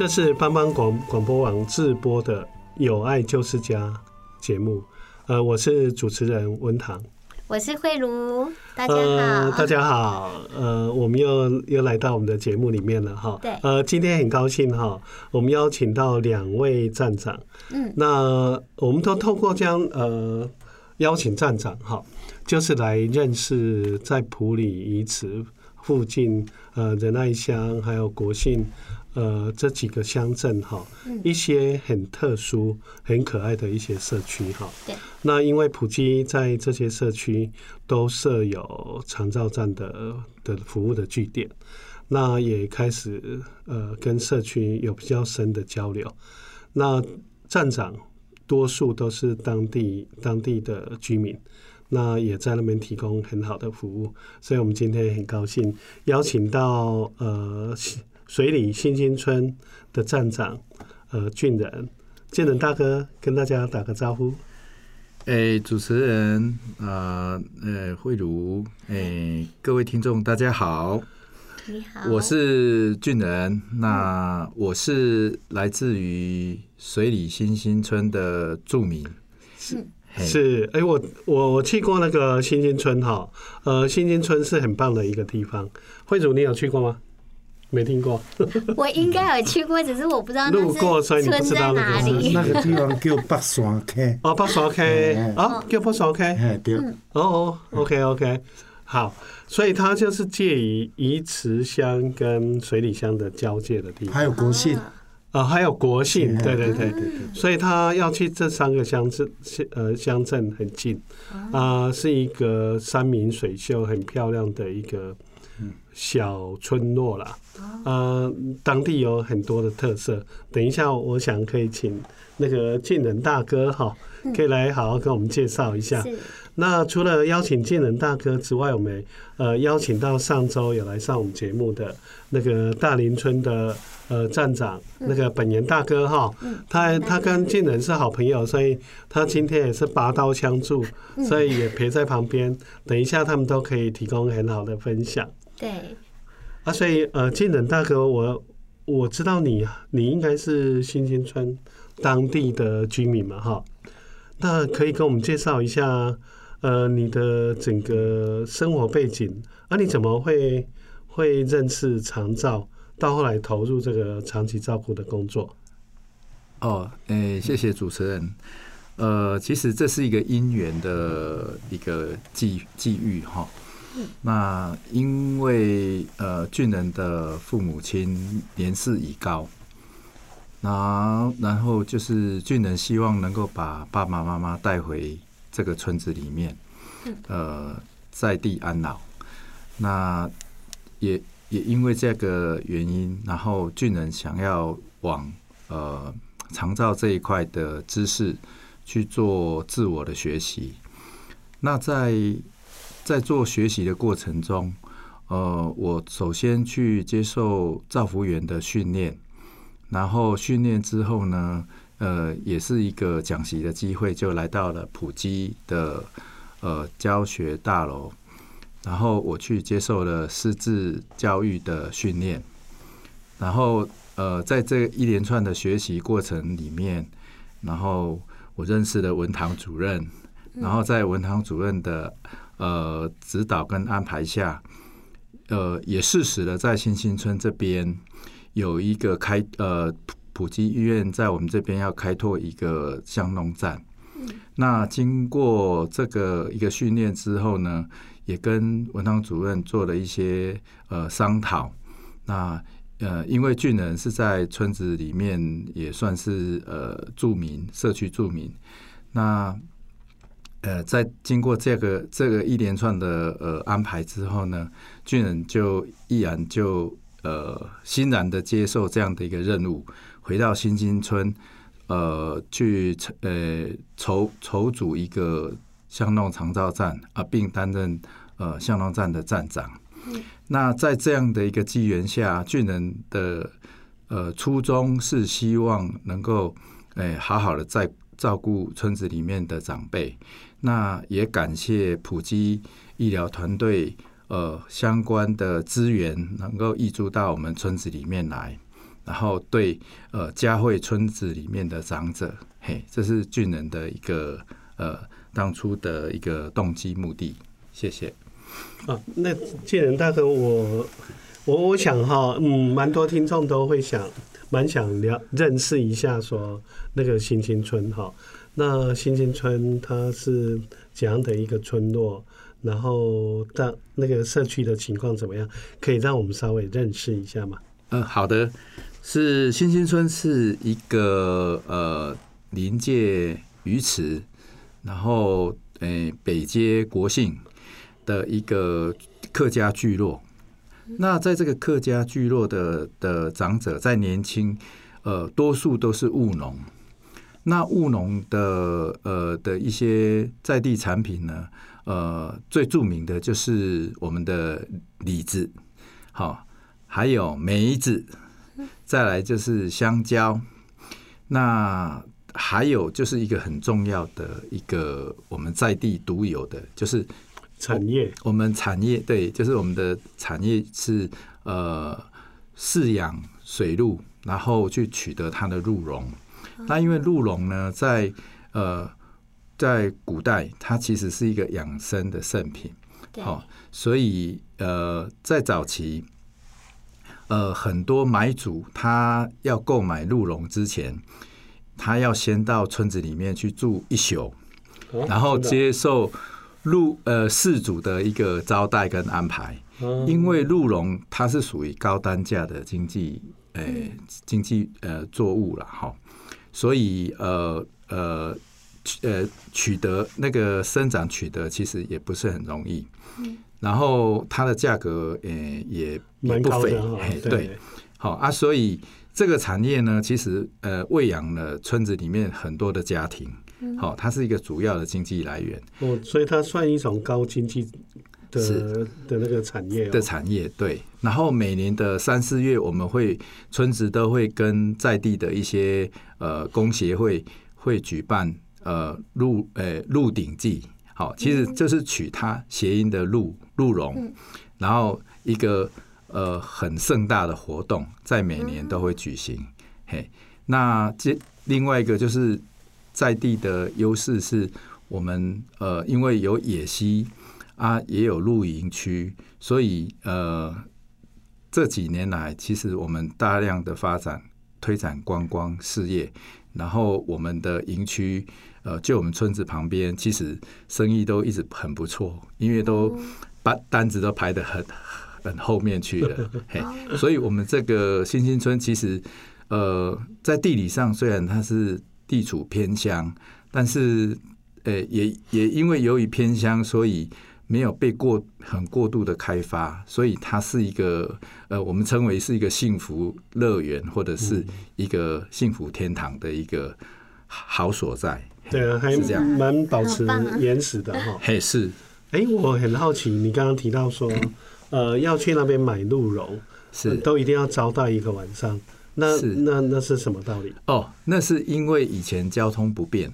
這是幫幫廣廣播網自播的《有愛就是家》節目，呃，我是主持人文堂，我是慧如，呃，大家好，大家好，呃，我們又又來到我們的節目裡面了哈，呃，今天很高興哈，我們邀請到兩位站長，嗯，那我們都透過這樣呃邀請站長哈，就是來認識在埔里伊茨。附近呃仁愛鄉，還有國姓呃這幾個鄉鎮哈，一些很特殊、很可愛的一些社區哈。那因為埔基在這些社區都設有長照站的的服務的據點，那也開始呃跟社區有比較深的交流。那站長多數都是當地當地的居民。那也在那邊提供很好的服務，所以我們今天也很高興邀請到呃水里新興村的站長呃俊仁，俊仁大哥跟大家打個招呼。哎、欸，主持人呃哎、欸、慧如，哎、欸、各位聽眾大家好，你好，我是俊仁，那我是來自於水里新興村的住民，嗯、是。是，哎、欸，我我我去過那個新興村哈，呃，新興村是很棒的一個地方。慧如，你有去過嗎？沒聽過。 我應該有去過，只是我不知道那路過，所以你不知道哪裡、啊。那個地方叫北山開， 哦，北山開啊， 哦、 叫八北山開、 嗯，對，哦哦，OK OK，好，所以它就是介於魚池鄉跟水里鄉的交界的地方，還有國姓。啊、呃，還有國姓，對對對，啊，所以他要去這三個鄉鎮，呃，鄉鎮很近，啊，呃，是一個山明水秀、很漂亮的一個小村落啦啊，呃，當地有很多的特色。等一下，我想可以請那個俊仁大哥哈，可以來好好跟我們介紹一下，嗯。那除了邀請俊仁大哥之外，我們呃邀請到上周有來上我們節目的那個大林村的。呃，站長，那個本人大哥哈，他他跟俊仁是好朋友，所以他今天也是拔刀相助，所以也陪在旁邊。等一下，他們都可以提供很好的分享。對，啊，所以呃，俊仁大哥，我我知道你，你應該是新興村當地的居民嘛？哈，那可以跟我們介紹一下，呃，你的整個生活背景、啊，而你怎麼會會認識長照？到後來投入這個長期照顧的工作。哦，哎、欸，謝謝主持人。呃，其實這是一個因緣的一個際際遇哈。那因為呃，俊仁的父母親年事已高，那然，然後就是俊仁希望能夠把爸爸媽媽帶回這個村子裡面，呃，在地安老。那也。也因為這個原因，然後俊仁想要往呃長照這一塊的知識去做自我的學習。那在在做學習的過程中，呃，我首先去接受照服員的訓練，然後訓練之後呢，呃，也是一個講習的機會，就來到了埔基的呃教學大樓。然後我去接受了師資教育的訓練，然後呃，在這一連串的學習過程裡面，然後我認識了文堂主任，然後在文堂主任的呃指導跟安排下，呃，也適時的在新興村這邊有一個開呃埔基醫院，在我們這邊要開拓一個巷弄站，嗯。那經過這個一個訓練之後呢，也跟文堂主任做了一些呃商討，那呃因為俊仁是在村子裡面也算是呃著名社區著名，那呃在經過這個這個一連串的呃安排之後呢，俊仁就毅然就呃欣然的接受這樣的一個任務，回到新津村呃去呃籌籌組一個鄉弄長照站啊、呃，並擔任。呃，向陽站的站長，嗯。那在這樣的一個機緣下，俊仁的呃初衷是希望能夠誒、欸、好好的在照顧村子裡面的長輩。那也感謝埔基醫療團隊呃相關的資源能夠挹注到我們村子裡面來，然後對呃嘉惠村子裡面的長者。嘿，這是俊仁的一個呃當初的一個動機目的。謝謝。啊，那俊仁大哥，我我我想哈，嗯，蠻多聽眾都會想，蠻想聊認識一下說那個新興村哈。那新興村它是怎樣的一個村落？然後當那個社區的情況怎麼樣？可以讓我們稍微認識一下嗎？嗯，好的，是新興村是一個呃臨界魚池，然後誒、欸、北接國姓，的一個客家聚落，那在這個客家聚落的的長者，在年輕，呃，多數都是務農。那務農的呃的一些在地產品呢，呃，最著名的就是我們的李子，好，還有梅子，再來就是香蕉。那還有就是一個很重要的一個我們在地獨有的，就是。產業，我們，我們產業對，就是我們的產業是呃飼養水鹿，然後去取得它的鹿茸。那、哦、因為鹿茸呢，在呃在古代，它其實是一個養生的聖品。好、哦，所以呃在早期，呃很多買主他要購買鹿茸之前，他要先到村子裡面去住一宿，哦、然後接受。鹿呃，事主的一個招待跟安排，嗯、因為鹿茸它是屬於高單價的經濟誒、欸、經濟呃作物了哈，所以呃呃呃取得那個生長取得其實也不是很容易，嗯、然後它的價格誒也、欸、也不菲。哈、哦，對，好、欸、啊，所以這個產業呢，其實呃餵養了村子裡面很多的家庭。好、哦，它是一個主要的經濟來源。哦，所以它算一種高經濟的的那個產業、哦、的產業，對。然後每年的三四月，我們會村子都會跟在地的一些呃工協會會舉辦呃鹿，哎鹿鼎記。好、欸哦，其實就是取它諧音的鹿鹿茸，然後一個呃很盛大的活動，在每年都會舉行。嗯、嘿，那這另外一個就是。在地的優勢是我們呃，因為有野溪啊，也有露營區，所以呃，這幾年來其實我們大量的發展推展觀光事業，然後我們的營區呃，就我們村子旁邊，其實生意都一直很不錯，因為都把單子都排得很很後面去了，嘿，所以我們這個新興村其實呃，在地理上雖然它是。地處偏鄉，但是，呃、欸，也也因為由於偏鄉，所以沒有被過很過度的開發，所以它是一個呃，我們稱為是一個幸福樂園或者是一個幸福天堂的一個好所在。對、嗯、啊，還是這樣，蠻保持原始的哈。嘿、啊欸，是。哎、欸，我很好奇，你剛剛提到說、嗯，呃，要去那邊買鹿茸，是、呃、都一定要招待一個晚上。那是那那，那是什麼道理？哦，那是因為以前交通不便，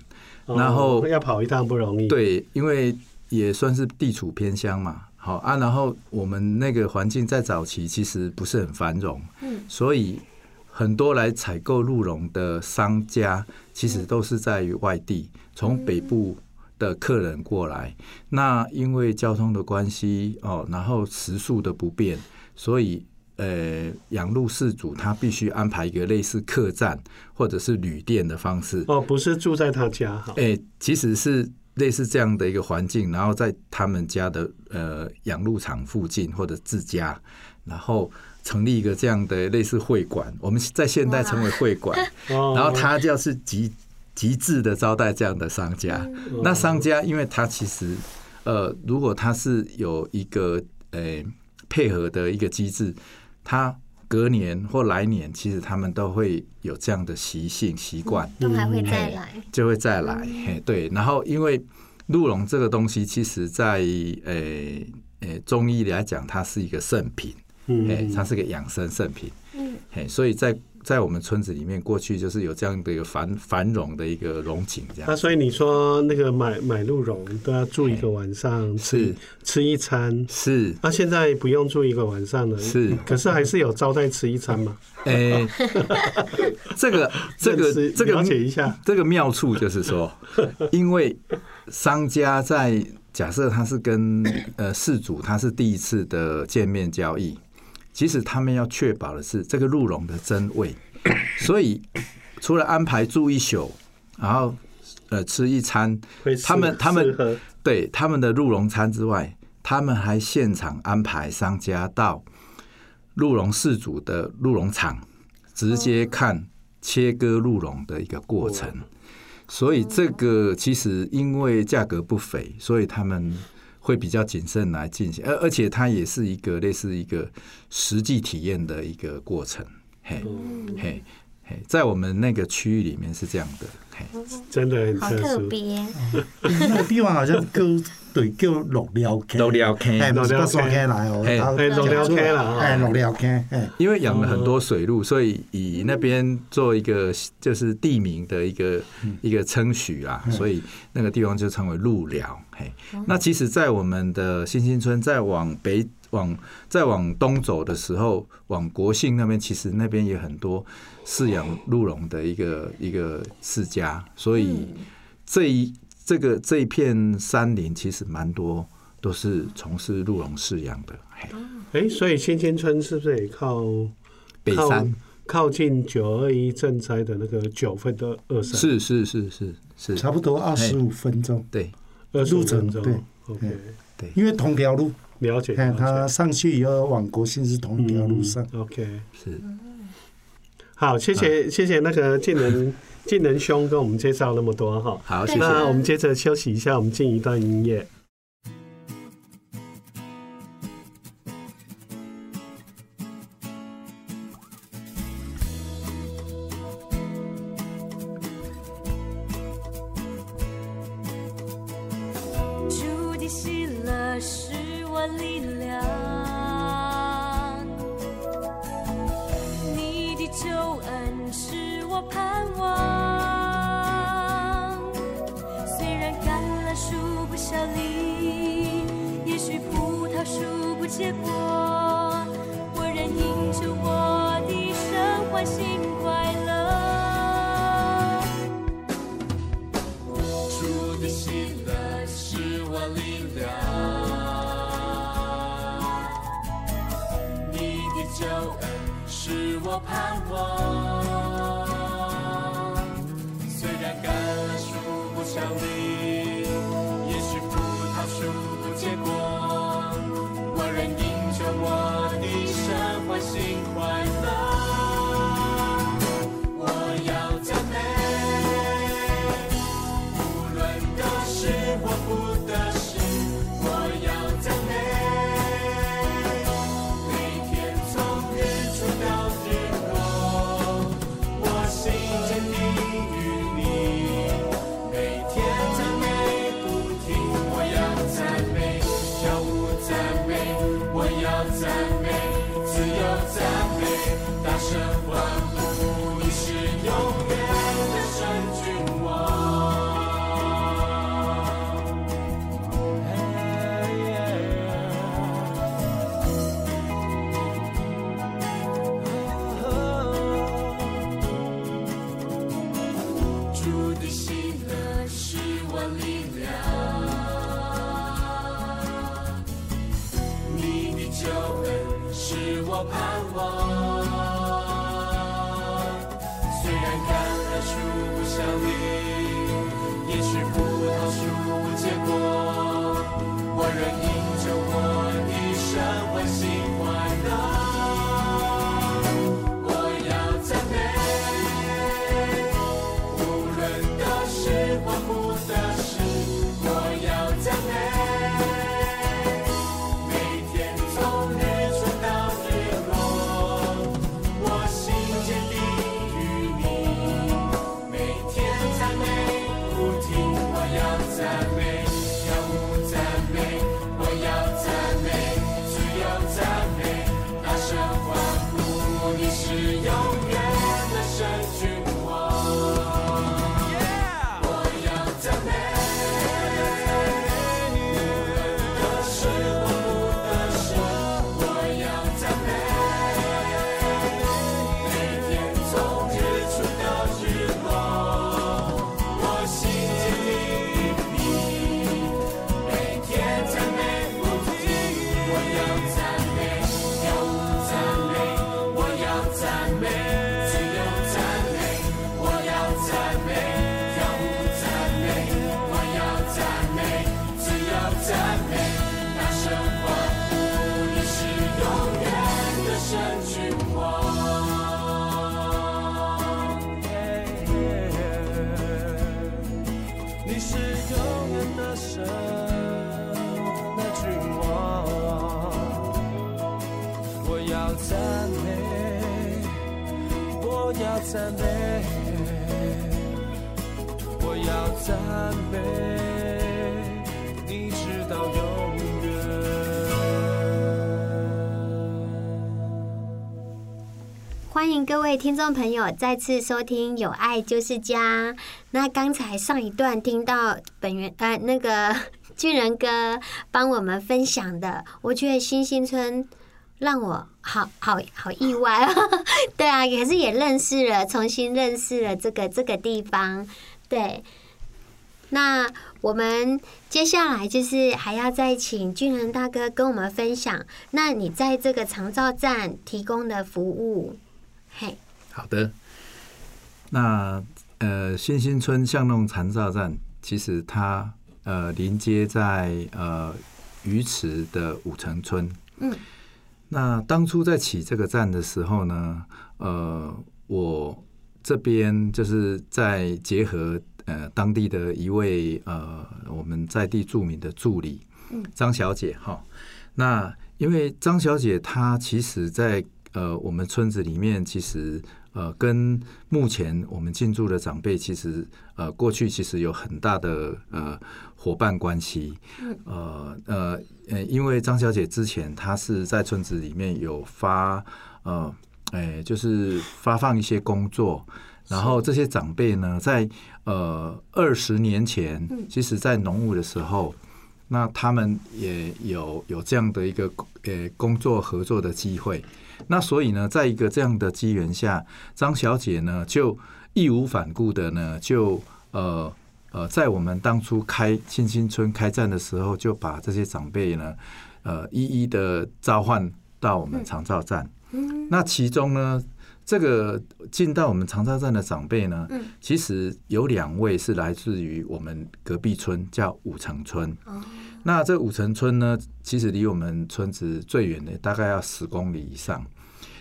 哦、然後要跑一趟不容易。對，因為也算是地處偏鄉嘛。好啊，然後我們那個環境在早期其實不是很繁榮，嗯，所以很多來採購鹿茸的商家其實都是在於外地，從、嗯、北部的客人過來。嗯、那因為交通的關係，哦，然後食宿的不便，所以。呃，養鹿事主他必須安排一個類似客棧或者是旅店的方式。哦，不是住在他家哈。哎、欸，其實是類似這樣的一個環境，然後在他們家的呃養鹿場附近或者自家，然後成立一個這樣的類似會館。我們在現代稱為會館。然後他就是極極致的招待這樣的商家。那商家，因為他其實呃，如果他是有一個呃配合的一個機制。他隔年或來年，其實他們都會有這樣的習性習慣，嗯、都還會再來，就會再來、嗯。嘿，對。然後，因為鹿茸這個東西，其實在誒誒、欸欸、中醫來講，它是一個聖品，它、嗯、是一個養生聖品。嗯，嘿，所以在。在我們村子裡面，過去就是有這樣的一個繁繁榮的一個榮景這樣。那、啊、所以你說那個買買鹿茸都要住一個晚上、欸，是吃一餐是。那、啊、現在不用住一個晚上了，是。可是還是有招待吃一餐嗎？哎、欸 這個，這個這個這個了解一下，這個妙處就是說，因為商家在假設他是跟呃事主他是第一次的見面交易。其實他們要確保的是這個鹿茸的真偽，所以除了安排住一宿，然後呃吃一餐，他們他們對他們的鹿茸餐之外，他們還現場安排商家到鹿茸事主的鹿茸場，直接看切割鹿茸的一個過程。所以這個其實因為價格不菲，所以他們。會比較謹慎來進行，而而且它也是一個類似一個實際體驗的一個過程，嘿、嗯，嘿，嘿，在我們那個區域裡面是這樣的，嘿、嗯，hey, 真的很特別，那個地方好像勾 對，叫鹿寮坑，鹿寮坑，鹿寮坑啦，嘿，鹿寮坑啦，嘿，鹿寮坑，嘿。因為養了很多水鹿，所以以那邊做一個就是地名的一個、嗯、一個稱許啊，所以那個地方就稱為鹿寮、嗯。那其實，在我們的新興村在往北、往再往東走的時候，往國姓那邊，其實那邊有很多飼養鹿茸的一個、嗯、一個世家，所以這一。這個這一片山林其實蠻多都是從事鹿茸飼養的，哎、嗯欸，所以新興村是不是也靠北山？靠，靠近九二一震災的那個九份的二山是是是是是，是差不多二十五分鐘、欸。對，二十五分鐘路程對，OK 對，對，因為同條路，了解，看他上去以後往國興是同一條路上、嗯、，OK 是。好，謝謝、嗯、謝謝那個俊仁。 俊仁兄跟我們介紹那麼多哈，好，謝謝。那我們接着休息一下，我們進一段音樂。歡迎各位聽眾朋友再次收聽《有愛就是家》。那剛才上一段聽到本源呃，那個俊仁哥幫我們分享的，我覺得新興村讓我好好好意外哈、哦、 對啊，也是也認識了，重新認識了這個這個地方。對，那我們接下來就是還要再請俊仁大哥跟我們分享，那你在這個長照站提供的服務。嘿、hey，好的。那呃，新興村巷弄長照站，其實它呃連接在呃魚池的五城村。嗯，那當初在起這個站的時候呢，呃，我這邊就是在結合呃當地的一位呃我們在地著名的助理，嗯、張小姐哈。那因為張小姐她其實在呃，我們村子裡面其實呃，跟目前我們進駐的長輩其實呃，過去其實有很大的呃夥伴關係。呃呃呃、欸，因為張小姐之前她是在村子裡面有發呃，哎、欸，就是發放一些工作，然後這些長輩呢，在呃二十年前，其實在農務的時候，那他們也有有這樣的一個呃、欸、工作合作的機會。那所以呢，在一個這樣的機緣下，張小姐呢就義無反顧的呢就呃呃，在我們當初開新興村開站的時候，就把這些長輩呢呃一一的召喚到我們長照站、嗯。那其中呢，這個進到我們長照站的長輩呢、嗯，其實有兩位是來自於我們隔壁村，叫五城村。哦那這五城村呢，其實離我們村子最遠的，大概要十公里以上。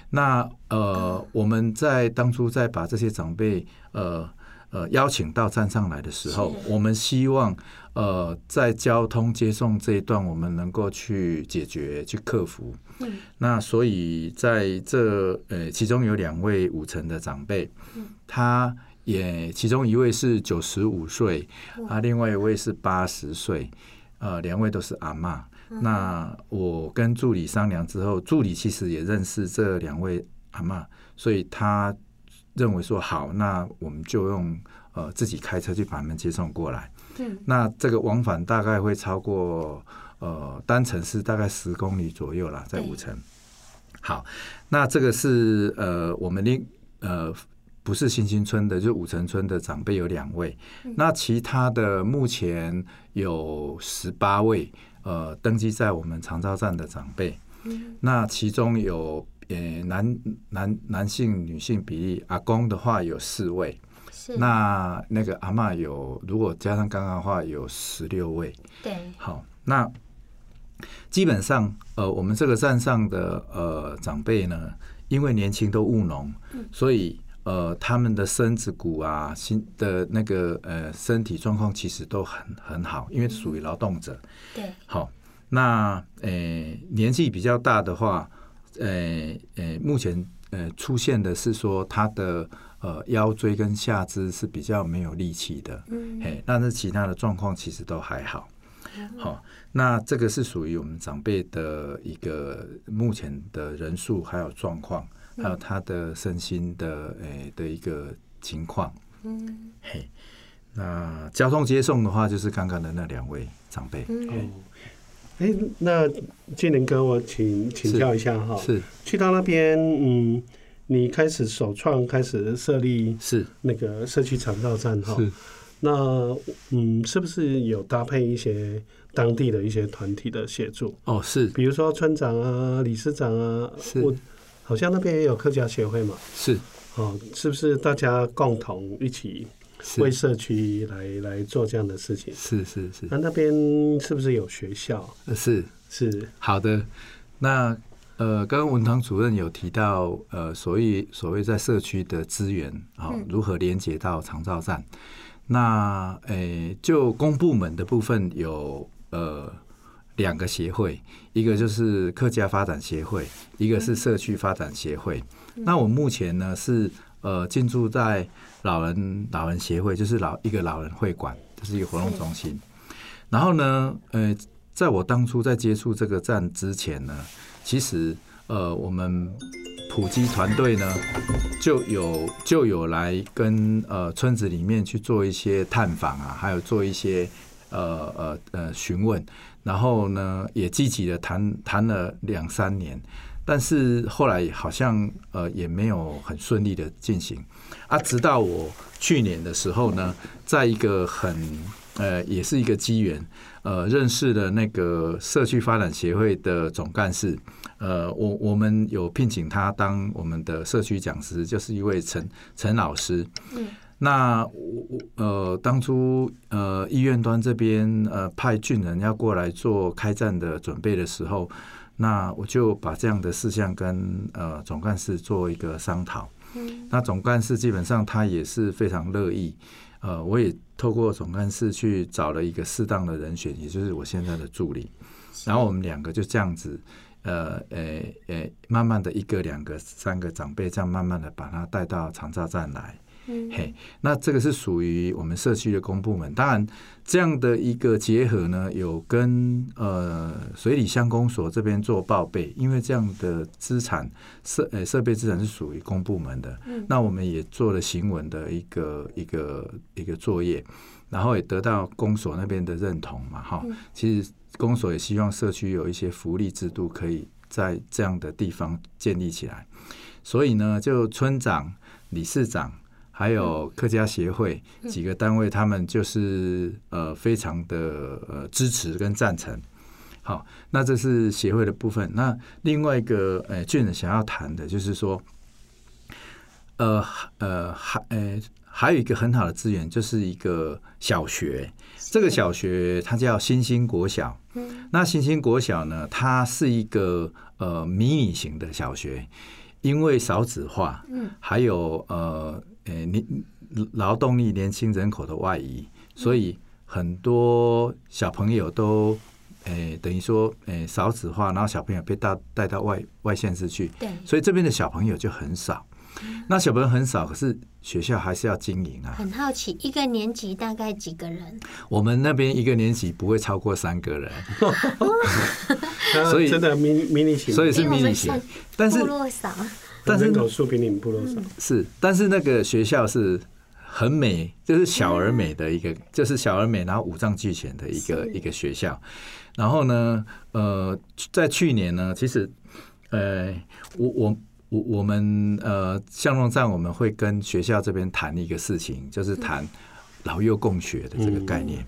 那呃，我們在當初在把這些長輩呃呃邀請到站上來的時候，我們希望呃在交通接送這一段，我們能夠去解決、去克服。嗯、那所以在這呃，其中有兩位五城的長輩、嗯，他也其中一位是九十五歲啊，另外一位是八十歲。呃，兩位都是阿媽、嗯。那我跟助理商量之後，助理其實也認識這兩位阿媽，所以他認為說好，那我們就用呃自己開車去把他們接送過來。對、嗯。那這個往返大概會超過呃單程是大概十公里左右啦，在五城、嗯。好，那這個是呃我們的呃。不是新興村的，就五城村的長輩有兩位、嗯，那其他的目前有十八位，呃，登記在我們長照站的長輩、嗯，那其中有呃男男男性女性比例，阿公的話有四位，是那那個阿嬤有，如果加上剛剛的話有十六位，對，好，那基本上呃我們這個站上的呃長輩呢，因為年輕都務農、嗯，所以。呃，他們的身子骨啊，心的那個呃，身體狀況其實都很很好，因為屬於勞動者。對、嗯。好，那誒、呃、年紀比較大的話，誒、呃、誒、呃，目前呃出現的是說他的呃腰椎跟下肢是比較沒有力氣的。嗯。嘿但是其他的狀況其實都還好、嗯。好，那這個是屬於我們長輩的一個目前的人數還有狀況。還有他的身心的誒、欸、的一個情況，嗯，嘿，那交通接送的話，就是剛剛的那兩位長輩，嗯哦，哎，那建林哥，我請請教一下哈、喔，是去到那邊，嗯，你開始首創開始設立是那個社區長照站哈、喔，是那嗯，是不是有搭配一些當地的一些團體的協助？哦，是，比如說村長啊、理事長啊，是。好像那邊也有客家協會嘛，是，哦，是不是大家共同一起為社區來來做這樣的事情的？是是是。啊、那那邊是不是有學校？是是。好的，那呃，剛剛文堂主任有提到，呃，所謂所謂在社區的資源啊、哦，如何連接到長照站。嗯、那呃、欸，就公部門的部分有呃。兩個協會，一個就是客家發展協會，一個是社區發展協會、嗯。那我目前呢是呃，進駐在老人老人協會，就是老一個老人會館，這、就是一個活動中心。然後呢，呃，在我當初在接觸這個站之前呢，其實呃，我們埔基團隊呢就有就有來跟呃村子裡面去做一些探訪啊，還有做一些呃呃呃詢問。然後呢，也積極的談談了兩三年，但是後來好像呃也沒有很順利的進行。啊，直到我去年的時候呢，在一個很呃也是一個機緣，呃認識了那個社區發展協會的總幹事。呃，我我們有聘請他當我們的社區講師，就是一位陳陳老師。嗯。那我我呃，當初呃，醫院端這邊呃，派俊仁要過來做開站的準備的時候，那我就把這樣的事項跟呃總幹事做一個商討。嗯。那總幹事基本上他也是非常樂意。呃，我也透過總幹事去找了一個適當的人選，也就是我現在的助理。然後我們兩個就這樣子，呃呃誒、欸欸，慢慢的一個、兩個、三個長輩這樣慢慢的把他帶到長照站來。嘿，那這個是屬於我們社區的公部門。當然，這樣的一個結合呢，有跟呃水里鄉公所這邊做報備，因為這樣的資產設、欸、設備資產是屬於公部門的、嗯。那我們也做了行文的一個一個一個作業，然後也得到公所那邊的認同嘛。哈、嗯，其實公所也希望社區有一些福利制度可以在這樣的地方建立起來。所以呢，就村長、理事長。還有客家協會幾個單位，他們就是呃非常的、呃、支持跟贊成。好，那這是協會的部分。那另外一個呃，俊仁想要談的就是說，呃呃還呃，還有一個很好的資源，就是一個小學。這個小學它叫新興國小。那新興國小呢，它是一個呃迷你型的小學，因為少子化。還有呃。誒、欸，年勞動力、年輕人口的外移，所以很多小朋友都、欸、等於說誒、欸、少子化，然後小朋友被帶帶到外外縣市去，對，所以這邊的小朋友就很少。那小朋友很少，可是學校還是要經營啊。很好奇，一個年級大概幾個人？我們那邊一個年級不會超過三個人， 所以、啊、真的迷你型，所以是迷你型，但是但是、嗯、是，但是那個學校是很美，就是小而美的一個，嗯、就是小而美，然後五臟俱全的一個一個學校。然後呢，呃，在去年呢，其實，呃，我我我我們呃，向榮站我們會跟學校這邊談一個事情，就是談老幼共學的這個概念、嗯。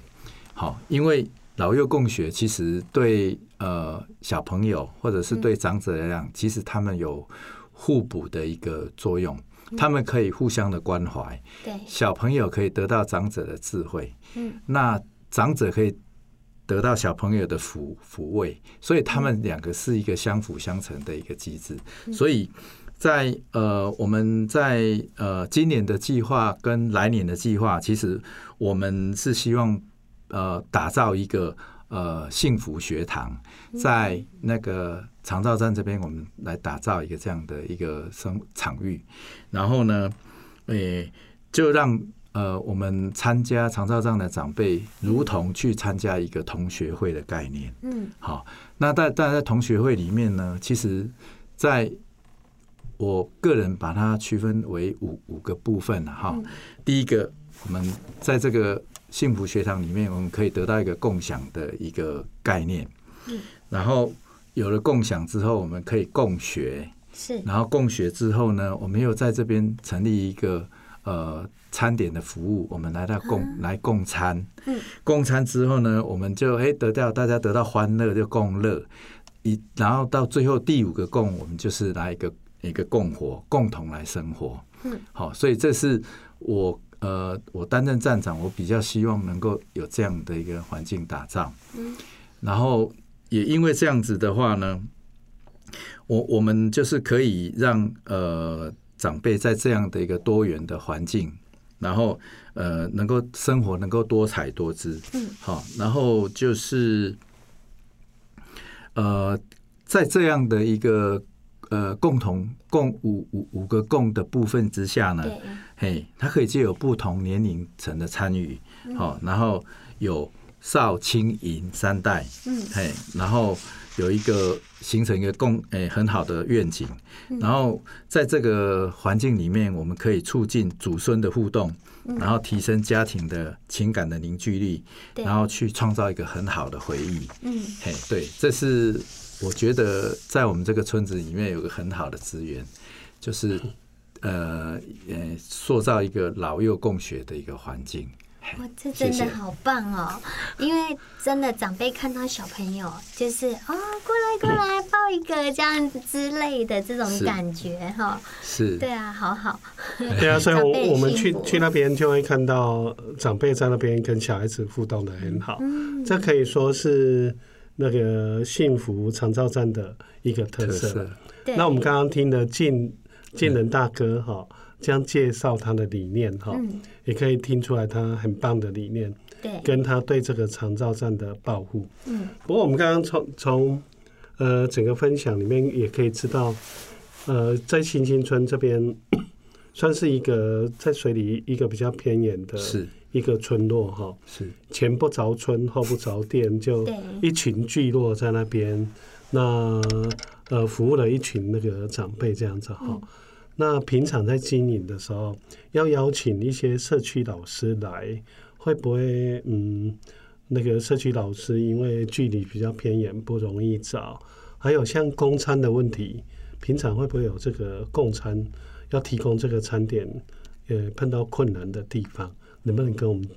好，因為老幼共學其實對呃小朋友或者是對長者來講、嗯，其實他們有。互補的一個作用，他們可以互相的關懷，嗯、對小朋友可以得到長者的智慧，嗯、那長者可以得到小朋友的撫撫慰，所以他們兩個是一個相輔相成的一個機制。嗯、所以在呃，我們在呃今年的計劃跟來年的計劃，其實我們是希望呃打造一個。呃，幸福學堂在那個長照站這邊，我們來打造一個這樣的一個生活場域。然後呢，誒、欸，就讓呃我們參加長照站的長輩，如同去參加一個同學會的概念。嗯，好，那在但在同學會裡面呢，其實在我個人把它區分為五五個部分哈、嗯。第一個，我們在這個。幸福學堂裡面，我們可以得到一個共享的一個概念。嗯。然後有了共享之後，我們可以共學。是。然後共學之後呢，我們又在這邊成立一個呃餐點的服務。我們來到共來共餐。嗯。共餐之後呢，我們就哎得到大家得到歡樂，就共樂。一，然後到最後第五個共，我們就是來一個一個共活，共同來生活。嗯。好，所以這是我。呃，我擔任站長，我比較希望能夠有這樣的一個環境打造。嗯，然後也因為這樣子的話呢，我我們就是可以讓呃長輩在這樣的一個多元的環境，然後呃能夠生活能夠多彩多姿。嗯，好，然後就是呃在這樣的一個。呃，共同共五五五個共的部分之下呢，嘿，它可以藉由不同年齡層的參與，好，嗯，然後有少青銀三代，嗯，嘿，然後有一個形成一個共誒、欸、很好的願景，嗯，然後在這個環境裡面，我們可以促進祖孫的互動，嗯，然後提升家庭的情感的凝聚力，嗯，然後去創造一個很好的回憶，嗯，嘿，對，這是。我覺得在我們這個村子裡面有個很好的資源，就是呃呃，塑造一個老幼共學的一個環境。哇，這真的好棒哦！謝謝，因為真的長輩看到小朋友，就是啊、哦，過來過來抱一個這樣子之類的這種感覺哈、嗯。是。對啊，好好。對、哎、啊，所以我我們去去那邊就會看到長輩在那邊跟小孩子互動得很好、嗯，這可以說是。那個幸福長照站的一個特色。特色，對。那我們剛剛聽了俊俊仁大哥哈，這樣介紹他的理念哈、嗯，也可以聽出來他很棒的理念，對，跟他對這個長照站的保護。嗯，不過我們剛剛從從呃整個分享裡面也可以知道，呃，在新興村這邊算是一個在水里一個比較偏遠的。是。一個村落哈，是前不着村後不着店，就一群聚落在那邊，那呃服務了一群那個長輩這樣子哈。那平常在經營的時候，要邀請一些社區老師來，會不會嗯，那個社區老師因為距離比較偏遠，不容易找？還有像供餐的問題，平常會不會有這個供餐要提供這個餐點，也碰到困難的地方？能不能跟我們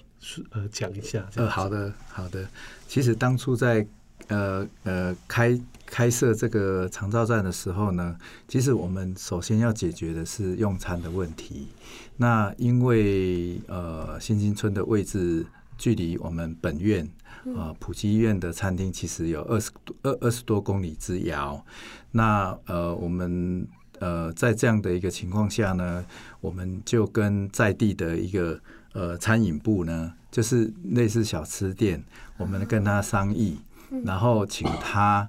呃講一下？呃，好的，好的。其實當初在呃呃開開設這個長照站的時候呢，其實我們首先要解決的是用餐的問題。那因為呃新興村的位置距離我們本院啊，呃、埔基醫院的餐廳其實有二十多二二十多公里之遙。那呃我們呃在這樣的一個情況下呢，我們就跟在地的一個呃，餐飲部呢，就是類似小吃店，我們跟他商議，然後請他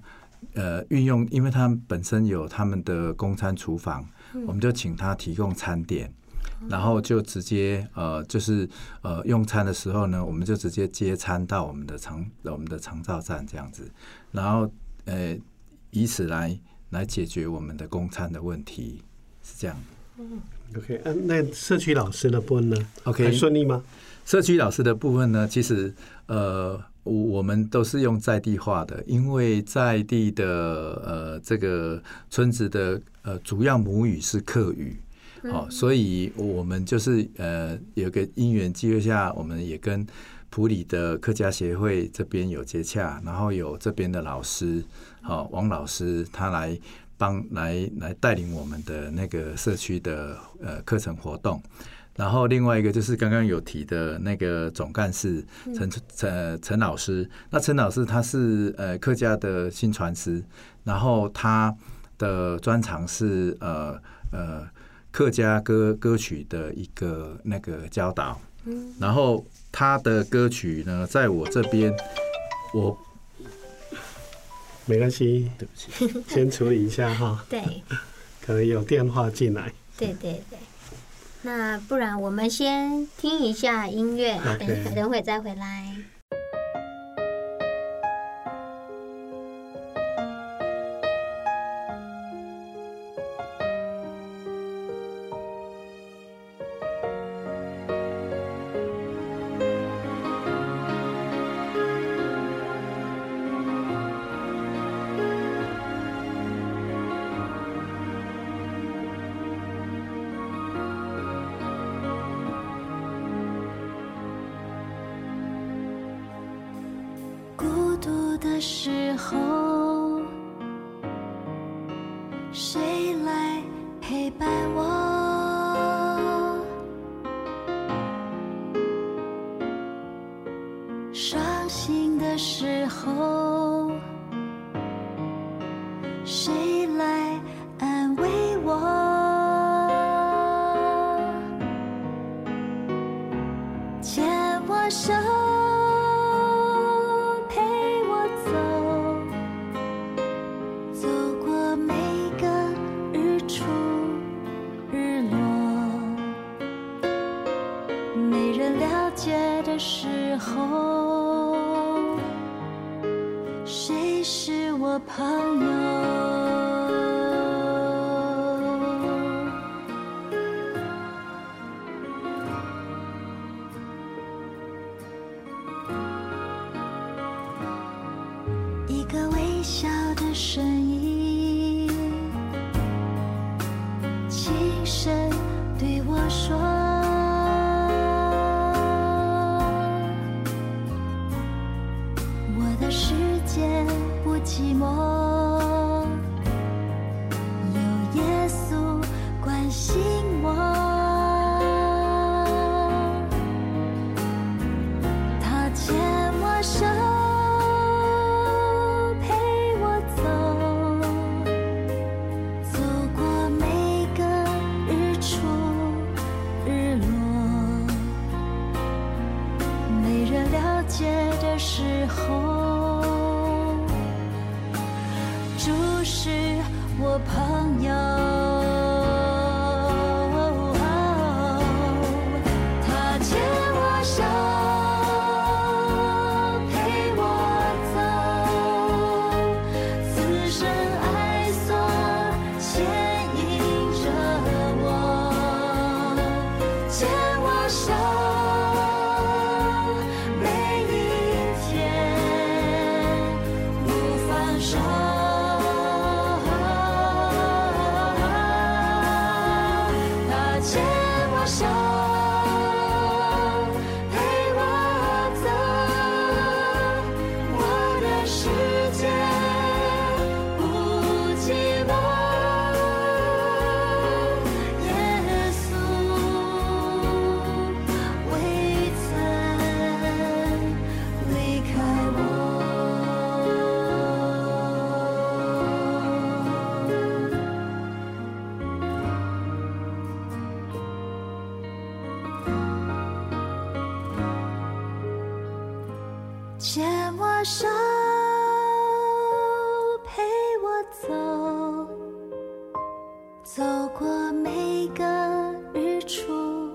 呃運用，因為他們本身有他們的供餐廚房，我們就請他提供餐點，然後就直接呃，就是呃用餐的時候呢，我們就直接接餐到我們的長我們的長照站這樣子，然後呃以此來來解決我們的供餐的問題，是這樣。OK，嗯，那社區老師的部分呢？OK，還順利嗎？社區老師的部分呢？其實，呃，我我們都是用在地話的，因為在地的呃這個村子的呃主要母語是客語，好、哦，所以我們就是呃有個因緣機會下，我們也跟埔里的客家協會這邊有接洽，然後有這邊的老師，好、哦，王老師他來。幫來來帶領我們的那個社區的呃課程活動，然後另外一個就是剛剛有提的那個總幹事陳陳陳老師，那陳老師他是呃客家的薪傳師，然後他的專長是呃呃客家歌歌曲的一個那個教導，嗯，然後他的歌曲呢，在我這邊我。沒關係，對不起，先處理一下哈。 對，可能有電話進來。對對對，那不然我們先聽一下音樂，啊，等你等會再回來。心的時候，誰來陪伴我？傷心的時候，誰來安慰我？牽我手。走過每個日出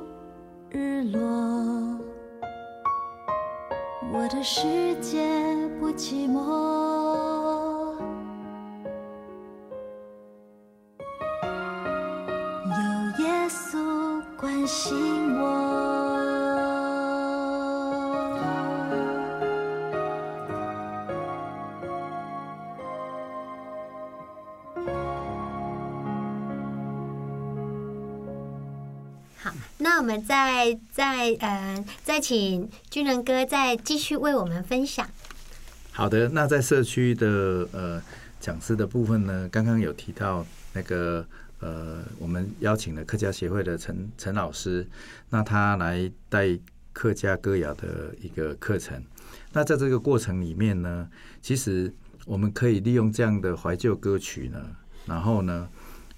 日落，我的世界不寂寞。再再嗯、呃，再請軍人俊仁哥再繼續為我們分享。好的，那在社區的呃講師的部分呢，剛剛有提到那個呃，我們邀請了客家協會的陳陳老師，那他來帶客家歌謠的一個課程。那在這個過程裡面呢，其實我們可以利用這樣的懷舊歌曲呢，然後呢，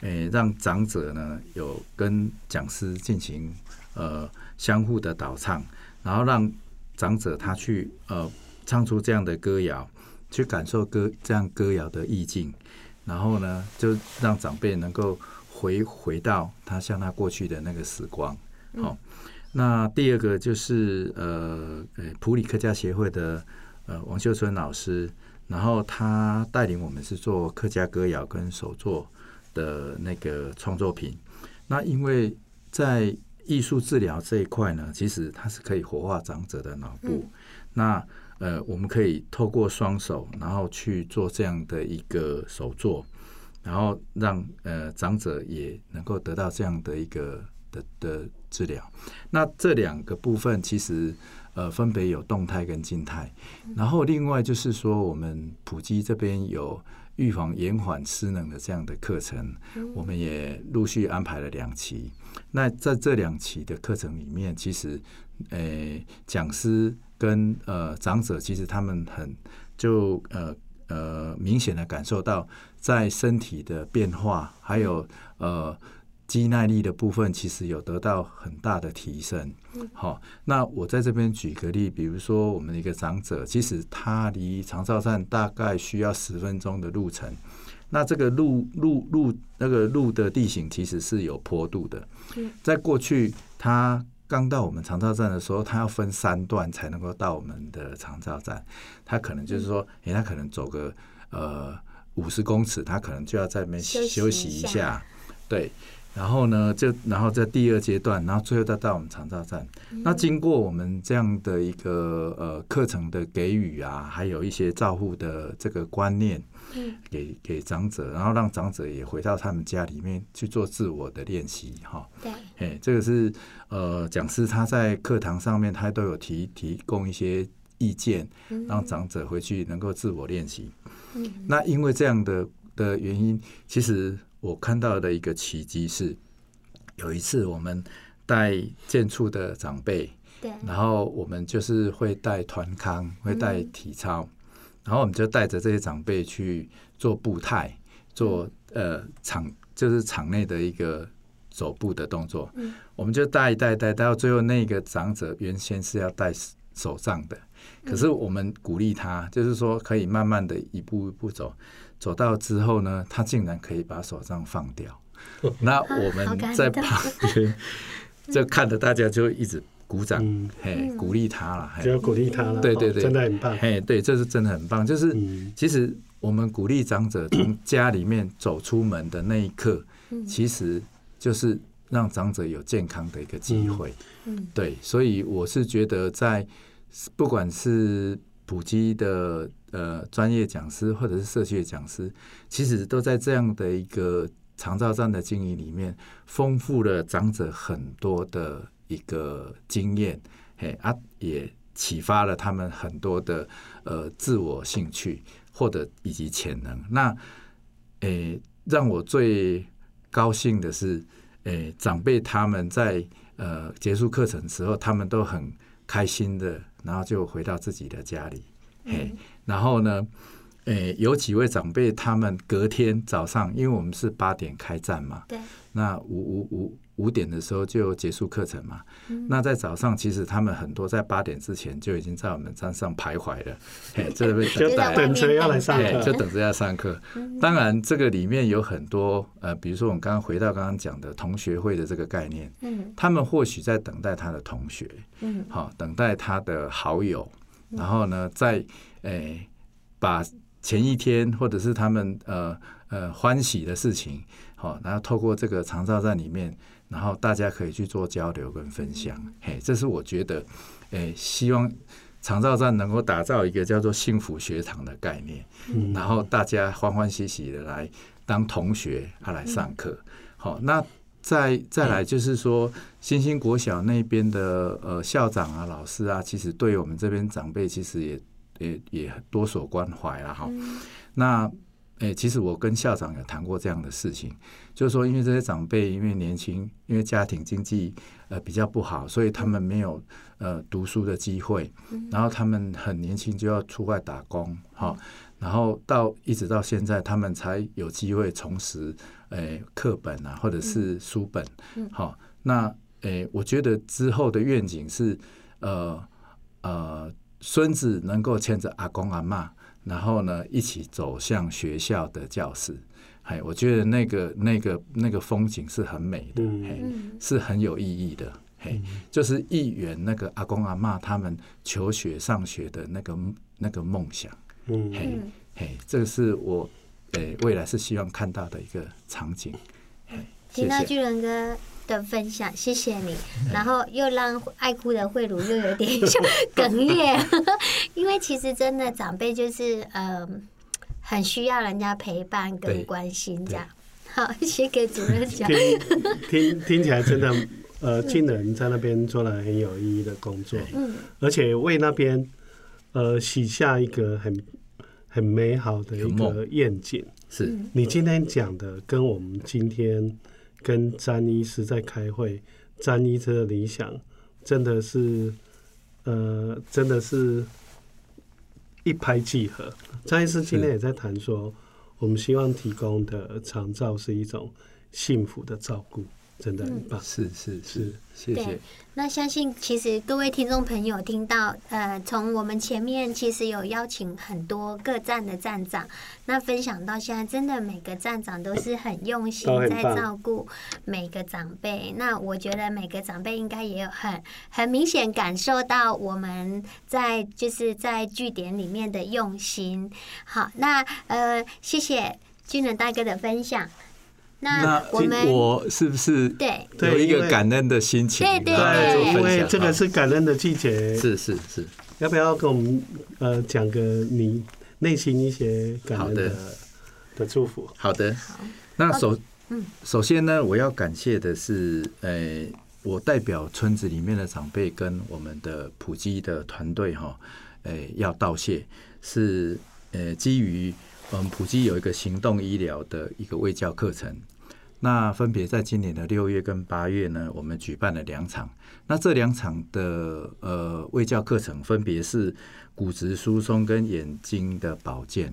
誒、欸，讓長者呢有跟講師進行。呃，相互的導唱，然後讓長者他去呃唱出這樣的歌謠，去感受歌這樣歌謠的意境，然後呢，就讓長輩能夠回回到他向他過去的那個時光。好、哦嗯，那第二個就是呃，埔里客家協會的呃王秀春老師，然後他帶領我們是做客家歌謠跟手作的那個創作品。那因為在藝術治療這一塊呢，其實它是可以活化長者的腦部。嗯、那呃，我們可以透過雙手，然後去做這樣的一個手作，然後讓呃長者也能夠得到這樣的一個的的、的治療。那這兩個部分其實呃分別有動態跟靜態。然後另外就是說，我們埔基這邊有。預防延緩失能的這樣的課程，我們也陸續安排了兩期。那在這兩期的課程裡面，其實，誒、欸，講師跟呃長者其實他們很就呃呃明顯地感受到在身體的變化，還有呃。肌耐力的部分其實有得到很大的提升。好、嗯哦，那我在這邊舉個例，比如說我們的一個長者，其實他離長照站大概需要十分鐘的路程。那這個路路路那個路的地形其實是有坡度的、嗯。在過去，他剛到我們長照站的時候，他要分三段才能夠到我們的長照站。他可能就是說，誒、嗯欸，他可能走個呃五十公尺，他可能就要在那邊休，休息一下，對。然後呢，就然後在第二階段，然後最後再到我們長照站。嗯。那經過我們這樣的一個呃課程的給予啊，還有一些照顧的這個觀念，嗯，給給長者，然後讓長者也回到他們家裡面去做自我的練習，哈，對，哎，這個是呃講師他在課堂上面他都有提提供一些意見，讓長者回去能夠自我練習。嗯，那因為這樣的的原因，其實。我看到的一個奇蹟是，有一次我們帶健促的長輩，對，然後我們就是會帶團康，會帶體操，然後我們就帶着這些長輩去做步態，做呃場就是場內的一個走步的動作。我們就帶一帶一帶，到最後那個長者原先是要戴手杖的，可是我們鼓勵他，就是說可以慢慢的一步一步走。走到之後呢，他竟然可以把手杖放掉呵呵。那我們在旁邊就看着大家，就一直鼓掌，哎、嗯，鼓勵他了，就要鼓勵他了、哦。對對對，真的很棒。哎，對，這、就是真的很棒。就是其實我們鼓勵長者從家裡面走出門的那一刻、嗯，其實就是讓長者有健康的一個機會、嗯。對，所以我是覺得，在不管是普及的。呃，專業講師或者是社區的講師，其實都在這樣的一個長照站的經營裡面，豐富了長者很多的一個經驗，嘿啊，也啟發了他們很多的呃自我興趣，或者以及潛能。那誒、欸，讓我最高興的是，誒、欸，長輩他們在呃結束課程的時候，他們都很開心的，然後就回到自己的家裡，嘿。嗯然後呢，誒，有幾位長輩，他們隔天早上，因為我們是八點開站嘛，對，那五五五五點的時候就結束課程嘛。嗯、那在早上，其實他們很多在八點之前就已經在我們站上徘徊了，哎，這位就等, 就等着要來上課， 就等着要上課。嗯、當然，這個裡面有很多，呃，比如說我們剛剛回到剛剛講的同學會的這個概念，嗯，他們或許在等待他的同學，嗯，好、哦，等待他的好友，然後呢，在。哎、欸，把前一天或者是他們呃呃歡喜的事情，好、哦，然後透過這個長照站裡面，然後大家可以去做交流跟分享。嗯、嘿，這是我覺得，哎、欸，希望長照站能夠打造一個叫做“幸福學堂”的概念、嗯，然後大家歡歡喜喜的來當同學、啊、來上課。好、哦，那再再來就是說、嗯，新興國小那邊的呃校長啊、老師啊，其實對我們這邊長輩其實也。也也多所關懷了哈，那誒、欸，其實我跟校長也談過這樣的事情，就是說，因為這些長輩因為年輕，因為家庭經濟呃比較不好，所以他們沒有呃讀書的機會，然後他們很年輕就要出外打工哈，然後到一直到現在，他們才有機會重拾誒課、呃、本啊，或者是書本，嗯嗯、好，那誒、欸，我覺得之後的願景是呃呃。呃孫子能夠牽着阿公阿媽，然後呢，一起走向學校的教室。嘿、hey,，我覺得那個、那個、那個風景是很美的，嘿、hey, 嗯，是很有意義的。嘿、hey, 嗯，就是一圓那個阿公阿媽他們求學上學的那個那個夢想。嘿、hey, 嗯，嘿、hey,，這個是我、欸、未來是希望看到的一個場景。Hey, 嗯、謝謝其他巨人哥。的分享，謝謝你。然後又讓愛哭的慧如又有點像哽咽， 因為其實真的長輩就是呃很需要人家陪伴跟關心這樣。好，先給主任講。聽聽，聽起來真的，呃，俊仁在那邊做了很有意義的工作，而且為那邊呃許下一個很很美好的一個願景。是你今天講的，跟我們今天。跟詹醫師在開會，詹醫師的理想真的是，呃，真的是，一拍即合。詹醫師今天也在談說，我們希望提供的長照是一種幸福的照顧。真的啊、嗯，是是是，謝謝。那相信其實各位聽眾朋友聽到，呃，從我們前面其實有邀請很多各站的站長，那分享到現在，真的每個站長都是很用心在照顧每個長輩。那我覺得每個長輩應該也有很很明顯感受到我們在就是在據點裡面的用心。好，那呃，謝謝俊仁大哥的分享。那我，們，那我是不是有一個感恩的心情對，因為，對，對，對做分享，這個是感恩的季節。是是是，要不要跟我們呃講個你內心一些感恩的好的，的祝福？好的。那首首先呢，我要感謝的是，呃，我代表村子裡面的長輩跟我們的埔基的團隊哈，誒，要道謝是呃基於。我們埔基有一個行動醫療的一個衛教課程，那分別在今年的六月跟八月呢，我們舉辦了兩場。那這兩場的呃衛教課程，分別是骨質疏鬆跟眼睛的保健。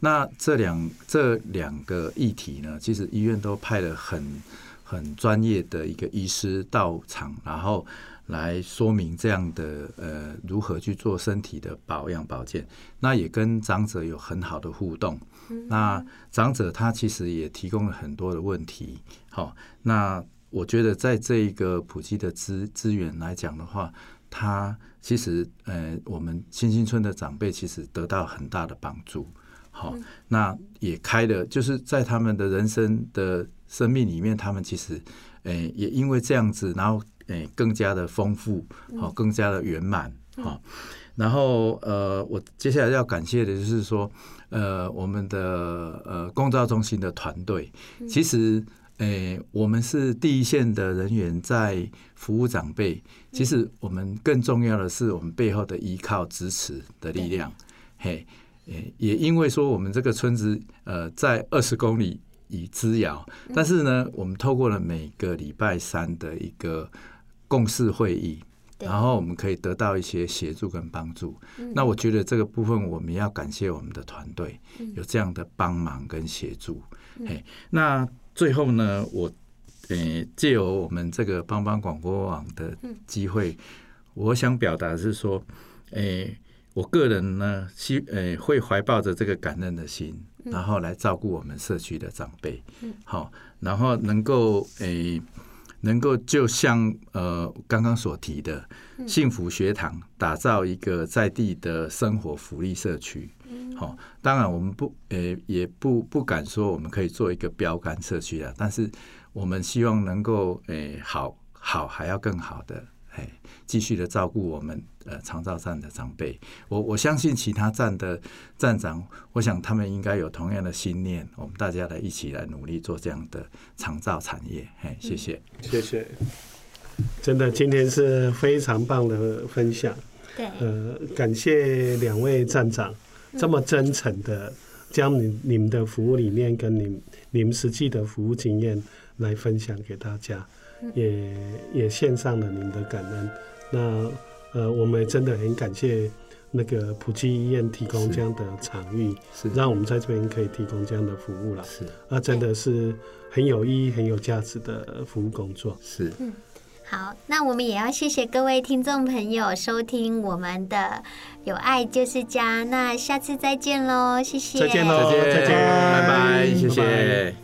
那這兩這兩個議題呢，其實醫院都派了很很專業的一個醫師到場，然後。來說明這樣的呃，如何去做身體的保養保健，那也跟長者有很好的互動。那長者他其實也提供了很多的問題。好，那我覺得在這一個普及的資資源來講的話，他其實呃，我們新興村的長輩其實得到很大的幫助。好，那也開了，就是在他們的人生的生命裡面，他們其實誒，也因為這樣子，然後。誒，更加的豐富，好，更加的圓滿，好、嗯嗯。然後，呃，我接下來要感謝的，就是說，呃，我們的呃，工照中心的團隊。其實，誒、呃，我們是第一線的人員在服務長輩。嗯、其實，我們更重要的是我們背後的依靠支持的力量。嘿，誒，也因為說我們這個村子，呃，在二十公里以之遙。但是呢、嗯，我們透過了每個禮拜三的一個。共識會議，然後我們可以得到一些協助跟幫助。那我覺得這個部分我們要感謝我們的團隊、嗯、有這樣的幫忙跟協助、嗯。那最後呢，我呃借、欸、由我們這個幫幫廣播網的機會、嗯，我想表達的是說，哎、欸，我個人呢，希呃、欸、會懷抱着這個感恩的心、嗯，然後來照顧我們社區的長輩。好、嗯，然後能夠哎。欸能夠就像呃剛剛所提的幸福學堂，打造一個在地的生活福利社區，好、哦，當然我們不誒、欸、也不不敢說我們可以做一個標杆社區啦，但是我們希望能夠誒、欸、好好還要更好的。哎，繼續的照顧我們呃長照站的長輩，我我相信其他站的站長，我想他們應該有同樣的信念，我們大家來一起來努力做這樣的長照產業。哎，謝謝、嗯，謝謝，真的今天是非常棒的分享，對，呃，感謝兩位站長這麼真誠的將你你們的服務理念跟你們，你們實際的服務經驗來分享給大家。也也獻上了您的感恩，那呃，我們真的很感謝那個埔基醫院提供這樣的場域，是，是，是讓我們在這邊可以提供這樣的服務了，是。那、啊、真的是很有意義、很有價值的服務工作，是。嗯，好，那我們也要謝謝各位聽眾朋友收聽我們的《有愛就是家》，那下次再見嘍，謝謝。再見嘍，再見，拜拜，謝謝。拜拜。